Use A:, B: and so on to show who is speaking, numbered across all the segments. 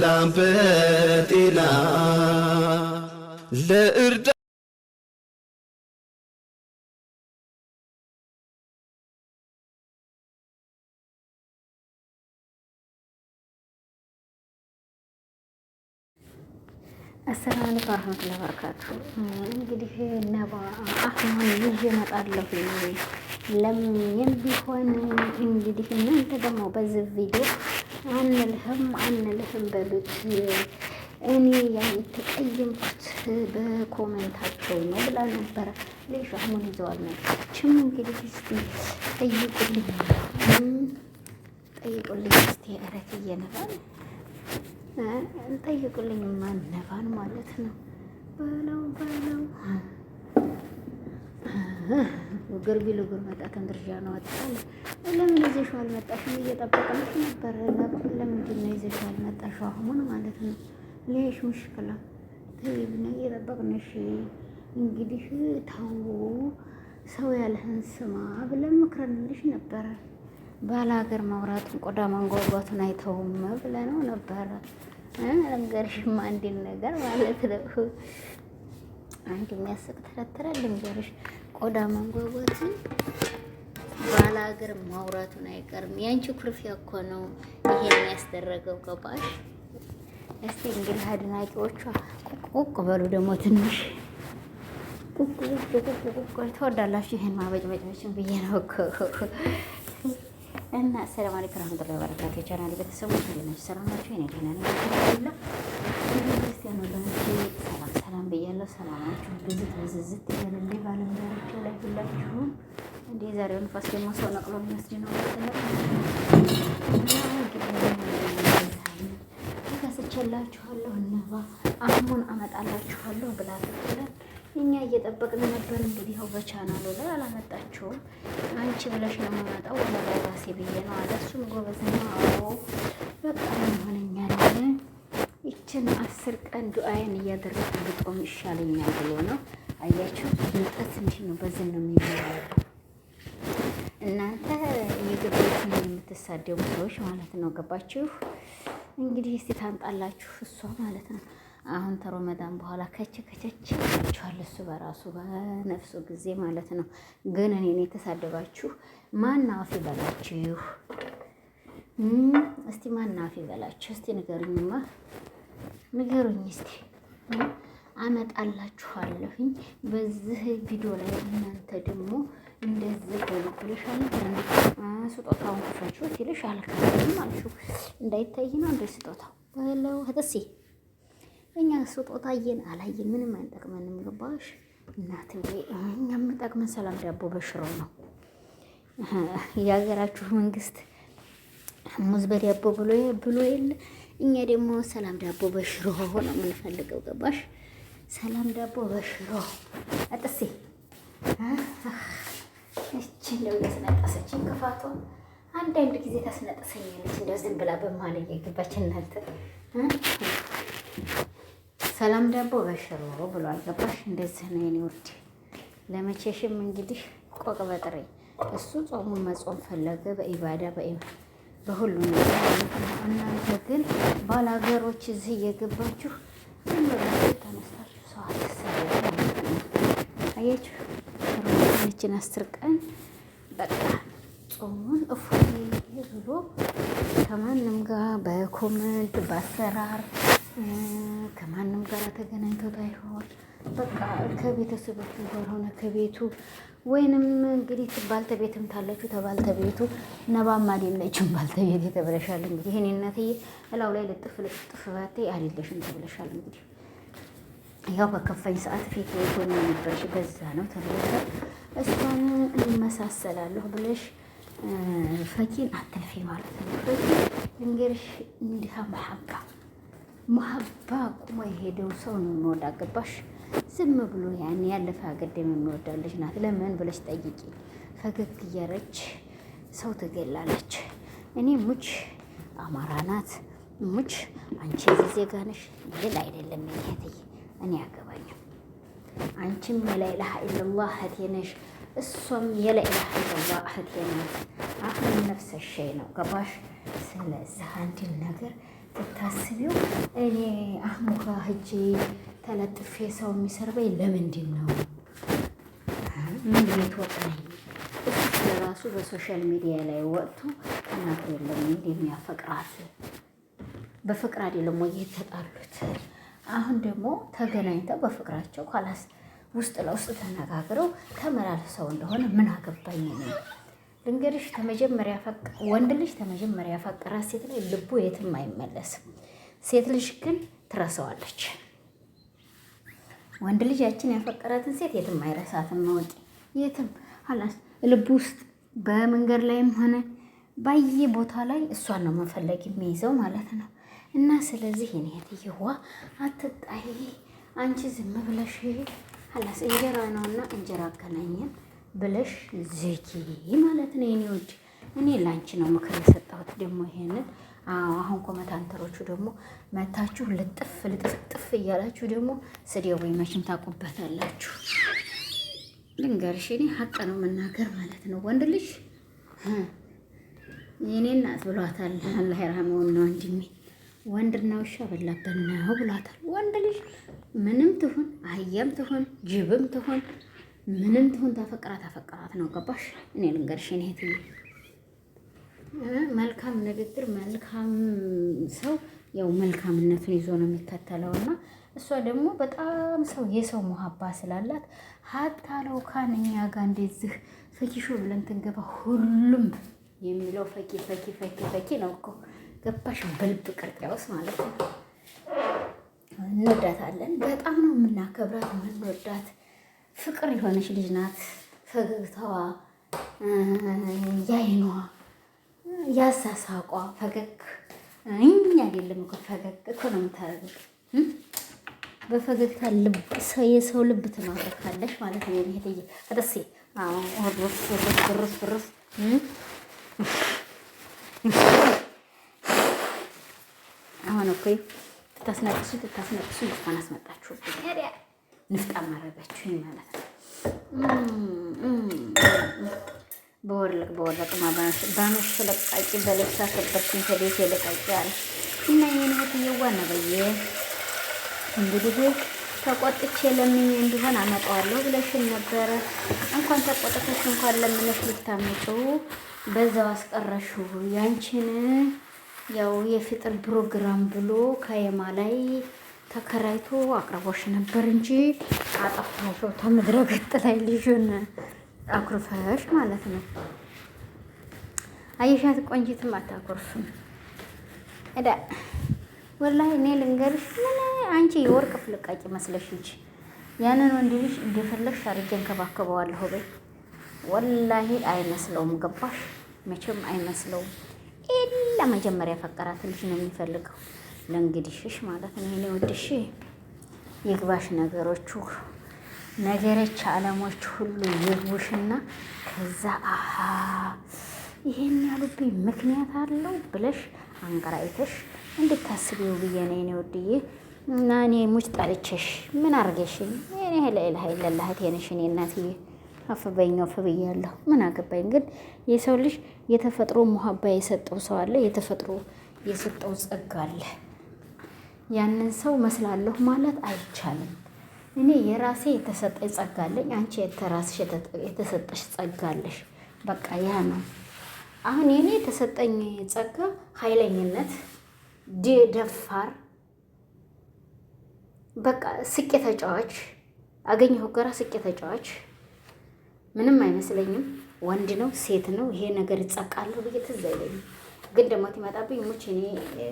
A: በሰላም በጤና ለእርዳ አሰላም አለይኩም ወራህመቱላሂ ወበረካቱ። እንግዲህ ነባ አሁን ይዤ እመጣለሁ ለምንም ቢሆን እንግዲህ እናንተ ደግሞ በዚህ ቪዲዮ አንልህም አንልህም በሉት። እኔ ያን ተቀየምኩት በኮመንታቸው ነው ብላ ነበረ። ልጅ አሁን ይዘዋል መጣችም። እንግዲህ እስቲ ጠይቁልኝ ጠይቁልኝ እስቲ እረት እየነባል እንጠይቁልኝ ማነባን ማለት ነው በለው በለው ግርቢ ልጉር መጣ ከንድርዣ ነው ወጣል። ለምን ይዘሽው አልመጣሽም? እየጠበቅንሽ ነበር። ለምንድን ነው ይዘሽው አልመጣሽው? አህሙን ማለት ነው። ለይሽ ሙሽክላ ተይብነ እየጠበቅንሽ እንግዲህ ታው ሰው ያለህን ስማ ብለን ምክረንልሽ ነበረ። ባለ ሀገር ማውራቱን ቆዳ መንጓጓቱን አይተውም ብለነው ነበረ። ነገርሽማ አንድን ነገር ማለት ነው። አንድ የሚያስቅ ተረተረ ልንገርሽ ቆዳ ማንጓጓትን ባለ ሀገር ማውራቱን አይቀርም። ያንቺ ኩርፊያ እኮ ነው ይሄን ያስደረገው ገባሽ? እስቲ እንግዲህ አድናቂዎቿ ቁቅ በሉ ደግሞ ትንሽ ትወዳላችሁ ይሄን ማበጭበጭበችን ብዬ ነው እና ሰላም አለይኩም ረህመቱላሂ ወበረካቱ። የቻናል ቤተሰቦች እንደምን ሰላም ናችሁ? እኔ ደህና ነኝ። ክርስቲያን ሰላም ብያለሁ። ሰላማችሁ ብዝት ብዝዝት ይበልልኝ። ባለም ዳርቻ ላይ ሁላችሁም እንደ የዛሬው ንፋስ ደግሞ ሰው ነቅሎ የሚወስድ ነው። ተከስቼላችኋለሁ እነባ አሁን አመጣላችኋለሁ ብላ ትብለን እኛ እየጠበቅን ነበር። እንግዲህ ያው በቻናሉ ላይ አላመጣችሁም። አንቺ ብለሽ ነው የምመጣው ወደ ራሴ ብዬ ነው አለ እሱም ጎበዝ ነው። አዎ በቃ ሆነኛል ይችን አስር ቀን ዱአይን እያደረገ ብጦም ይሻለኛል ብሎ ነው። አያቸው ምጠት እንዲህ ነው፣ በዝን ነው የሚለው። እናንተ የገባችሁ የምትሳደቡ ሰዎች ማለት ነው። ገባችሁ እንግዲህ እስቲ ታምጣላችሁ እሷ ማለት ነው። አሁን ተሮመዳን በኋላ ከች ከቸች ቸዋል እሱ በራሱ በነፍሱ ጊዜ ማለት ነው። ግን እኔን የተሳደባችሁ ማናፍ ይበላችሁ እስቲ፣ ማናፍ ይበላችሁ እስቲ ንገሩኝማ። ንገሩኝ እስቲ አመጣላችኋለሁኝ። በዚህ ቪዲዮ ላይ እናንተ ደግሞ እንደዚህ በልብልሻል ስጦታውን ክፈችው ትልሽ አልካልም አልሽው እንዳይታይ ነው እንደ ስጦታው በለው ህተሲ እኛ ስጦታ እየን አላየን ምንም አይጠቅመንም። ገባሽ እናትዬ? እኛ የምጠቅመን ሰላም ዳቦ በሽሮ ነው። የሀገራችሁ መንግስት ሙዝ በዳቦ ብሎ የለ እኛ ደግሞ ሰላም ዳቦ በሽሮ ነው የምንፈልገው። ገባሽ? ሰላም ዳቦ በሽሮ አጥሴ እቺ እንደው ያስነጠሰች እንቅፋቷ አንዳንድ ጊዜ ታስነጠሰኛለች። እንደው ዝም ብላ በመሀል እየገባች እናንተ ሰላም ዳቦ በሽሮ ብሏል። ገባሽ? እንደዚህ ነው የኔ ውድ። ለመቼሽም እንግዲህ ቆቅ በጥሬ እሱ ጾሙን መጾም ፈለገ በኢባዳ በኢማ በሁሉም ነገር እናንተ ግን ባላገሮች እዚህ እየገባችሁ ዝም ብላችሁ ተነስታችሁ ሰው አትሰሩ አያችሁ ሮችን አስር ቀን በቃ ጾሙን እፎ ብሎ ከማንም ጋር በኮመንት በአሰራር ከማንም ጋር ተገናኝተው አይሆን በቃ ከቤተሰቦቹ ጋር ሆነ ከቤቱ ወይንም እንግዲህ ባልተቤትም ታለችሁ ተባልተቤቱ ነባም አይደለችም ባልተቤት የተብለሻል። እንግዲህ እኔ እናትዬ እላው ላይ ልጥፍ ልጥፍ ባቴ አይደለሽም ተብለሻል። እንግዲህ ያው በከፋኝ ሰዓት ፊት ጎን ነበርሽ በዛ ነው ተብለሻል። እሷን እንመሳሰላለሁ ብለሽ ፈኪን አትልፊ ማለት ነው። ፈኪን ልንገርሽ እንዲህ መሐቃ ማህባ ቁሞ የሄደው ሰው ነው የሚወዳ ገባሽ? ዝም ብሎ ያን ያለፈ አገደም የሚወዳ ልጅ ናት። ለምን ብለሽ ጠይቂ። ፈገግ እያረች ሰው ትገላለች። እኔ ሙች አማራ ናት፣ ሙች አንቺ እዚህ ዜጋ ነሽ ልል አይደለም ያትይ እኔ አገባኝም። አንቺም የላይላ ኢላላህ እህቴ ነሽ፣ እሷም የላይላ ኢላላህ እህቴ ናት። አሁን ነፍሰ ነው ገባሽ? ስለዚህ አንድን ነገር ብታስቢው እኔ አህሙጋ ህጂ ተለጥፌ ሰው የሚሰርበኝ ለምንድን ነው? ምን ቤት ወጠነኝ? እሱ ለራሱ በሶሻል ሚዲያ ላይ ወጥቶ ተናግሮ የለም ይሄን የሚያፈቅራት በፍቅር አይደለም ወይ የተጣሉት? አሁን ደግሞ ተገናኝተው በፍቅራቸው ኋላስ ውስጥ ለውስጥ ተነጋግረው ተመላልሰው እንደሆነ ምን አገባኝ ነው ልንገርሽ፣ ተመጀመሪያ ወንድ ልጅ ተመጀመሪያ ያፈቀራት ሴት ላይ ልቡ የትም አይመለስም። ሴት ልጅ ግን ትረሳዋለች። ወንድ ልጅ ያችን ያፈቀራትን ሴት የትም አይረሳትም። መወጥ የትም አላስ ልቡ ውስጥ በመንገድ ላይም ሆነ ባየ ቦታ ላይ እሷን ነው መፈለግ የሚይዘው ማለት ነው። እና ስለዚህ እኔ እህትዬዋ አትጣይ፣ አንቺ ዝም ብለሽ አላስ እንጀራ ነውና እንጀራ አገናኘን ብለሽ ዝጊ ማለት ነው። የኔዎች እኔ ላንቺ ነው ምክር የሰጠሁት። ደግሞ ይሄንን አሁን ኮመታንተሮቹ ደግሞ መታችሁ ልጥፍ ልጥፍጥፍ እያላችሁ ደግሞ ስደው መቼም ታውቁበታላችሁ። ልንገርሽ፣ እኔ ሀቅ ነው መናገር ማለት ነው። ወንድ ልጅ የኔ እናት ብሏታል። አላህ ይርሐመው ነው ወንድሜ ወንድና ውሻ በላበት ነው ብሏታል። ወንድ ልጅ ምንም ትሆን አህያም ትሆን ጅብም ትሆን ምንም ትሁን ታፈቅራት አፈቅራት ነው። ገባሽ? እኔ ልንገርሽ እኔ እህትዬ መልካም ንግግር መልካም ሰው ያው መልካምነቱን ይዞ ነው የሚከተለው እና እሷ ደግሞ በጣም ሰው የሰው መሀባ ስላላት ሀታ ለው ካን እኛ ጋር እንደዚህ ፈኪሾ ብለን ትንገባ ሁሉም የሚለው ፈኪ ፈኪ ፈኪ ፈኪ ነው እኮ ገባሽ? በልብ ቅርቅያውስ ማለት ነው። እንወዳታለን። በጣም ነው የምናከብራት የምንወዳት ፍቅር የሆነች ልጅ ናት። ፈገግታዋ፣ ያይኗ፣ ያሳሳቋ ፈገግ እኛ አይደለም እኮ ፈገግ እኮ ነው የምታደርገው። በፈገግታ የሰው ልብ ትማርካለች ማለት ነው። ይሄ ልጅ ረሴ ርስ ርስ ርስ አሁን እኮ ትታስነቅሱ ትታስነቅሱ እንኳን አስመጣችሁብኝ። ንፍጣ ማረጋችሁኝ ማለት ነው። በወርልቅ በወርልቅማ በመሽ ለቃቂ በልብሳ ከቤት የለቃቂ አለ እና እንግዲህ ተቆጥቼ ለምኝ እንዲሆን አመጣዋለሁ ብለሽን ነበረ። እንኳን ተቆጥተሽ እንኳን ለምነሽ ልታመጪው በዛው አስቀረሽው። ያንቺን ያው የፍጥር ፕሮግራም ብሎ ከየማ ላይ ተከራይቶ አቅርቦሽ ነበር እንጂ አጠፋሽው ተምድረ ገጥ ላይ ልጁን አኩርፈሽ ማለት ነው። አየሻት ቆንጂትም አታኩርፍም። እዳ ወላሂ እኔ ልንገርሽ፣ ምን አንቺ የወርቅ ፍልቃቂ መስለሽ እንጂ ያንን ወንድ ልጅ እንደፈለግሽ አድርጌ እንከባከበዋለሁ በይ። ወላሂ አይመስለውም፣ ገባሽ? መቼም አይመስለውም። ኢላ መጀመሪያ ፈቀራት ልጅ ነው የሚፈልገው ለእንግዲሽሽ ማለት ነው። የእኔ ውድሽ ይግባሽ ነገሮቹ ነገሮች አለሞች ሁሉ ይግቡሽና ከዛ አሀ ይሄን ያሉብኝ ምክንያት አለው ብለሽ አንቀራይተሽ እንድታስቢው ብዬ ነው የእኔ ውድዬ። እና እኔ ሙጭ ጣልቼሽ ምን አርገሽኝ? እኔ ላይላ ሀይለላህት እኔ እናትዬ አፍበኝ አፍ ብያለሁ። ምን አገባኝ ግን የሰው ልጅ የተፈጥሮ ሙሀባ የሰጠው ሰው አለ። የተፈጥሮ የሰጠው ጸጋ አለ። ያንን ሰው መስላለሁ ማለት አይቻልም። እኔ የራሴ የተሰጠ ጸጋ አንቺ የተራስሽ የተሰጠሽ ጸጋለሽ። በቃ ያ ነው። አሁን የኔ የተሰጠኝ ጸጋ ኃይለኝነት፣ ደፋር፣ በቃ ስቄ ተጫዋች፣ አገኘሁ ገራ ስቄ ተጫዋች ምንም አይመስለኝም። ወንድ ነው ሴት ነው ይሄ ነገር ይጸቃለሁ ብዬ ትዝ አይለኝም። ግን ደግሞ ትመጣብኝ ሙች እኔ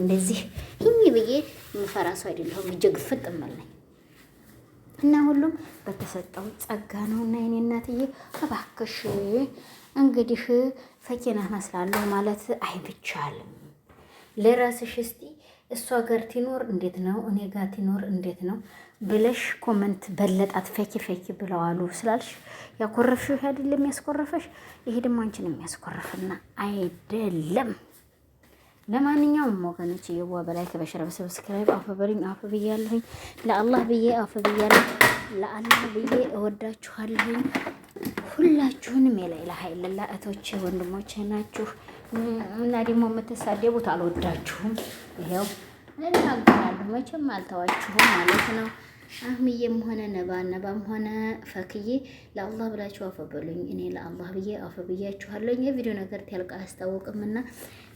A: እንደዚህ ይህ ብዬ የምፈራ ሰው አይደለሁም። እጀ ግፍጥ እምልኝ እና ሁሉም በተሰጠው ጸጋ ነው። እና የኔ እናትዬ እባክሽ እንግዲህ ፈኪና መስላለሁ ማለት አይብቻልም። ለራስሽ እስቲ እሷ ጋር ትኖር እንዴት ነው እኔ ጋር ትኖር እንዴት ነው ብለሽ ኮመንት በለጣት ፈኪ ፈኪ ብለዋሉ ስላልሽ ያኮረፍሽ አይደለም የሚያስኮረፈሽ ይሄ ደግሞ አንቺን የሚያስኮረፍና አይደለም። ለማንኛውም ወገኖች እየዋ በላይ ከበሸረ በሰብስክራይብ አፈ በሉኝ። አፈ ብያለሁኝ። ለአላህ ብዬ አፈ ብያለሁ። ለአላህ ብዬ እወዳችኋለሁኝ ሁላችሁንም። የላይላ ሀይልላ እህቶቼ ወንድሞቼ ናችሁ እና ደግሞ የምትሳደቡት አልወዳችሁም። ይሄው እናገራለሁ። መቼም አልተዋችሁም ማለት ነው። አህምዬም ሆነ ነባ ነባም ሆነ ፈክዬ ለአላህ ብላችሁ አፈበሉኝ። እኔ ለአላህ ብዬ አፈብያችኋለሁ። የቪዲዮ ነገር ያልቅ አያስታውቅምና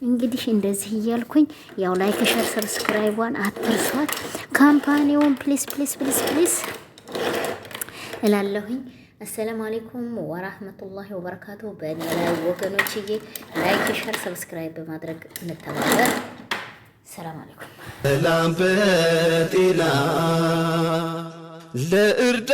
A: እንግዲህ እንደዚህ እያልኩኝ ያው ላይክ፣ ሸር፣ ሰብስክራይቧን አትርሷት። ካምፓኒውን ፕሊስ ፕሊስ ፕሊስ ፕሊስ እላለሁኝ። አሰላሙ አሌይኩም ወራህመቱላሂ ወበረካቱ። በእኔ ላይ ወገኖችዬ ላይክ፣ ሸር፣ ሰብስክራይብ በማድረግ እንተባበር። ሰላም አለይኩም። ሰላም በጤና ለእርዳ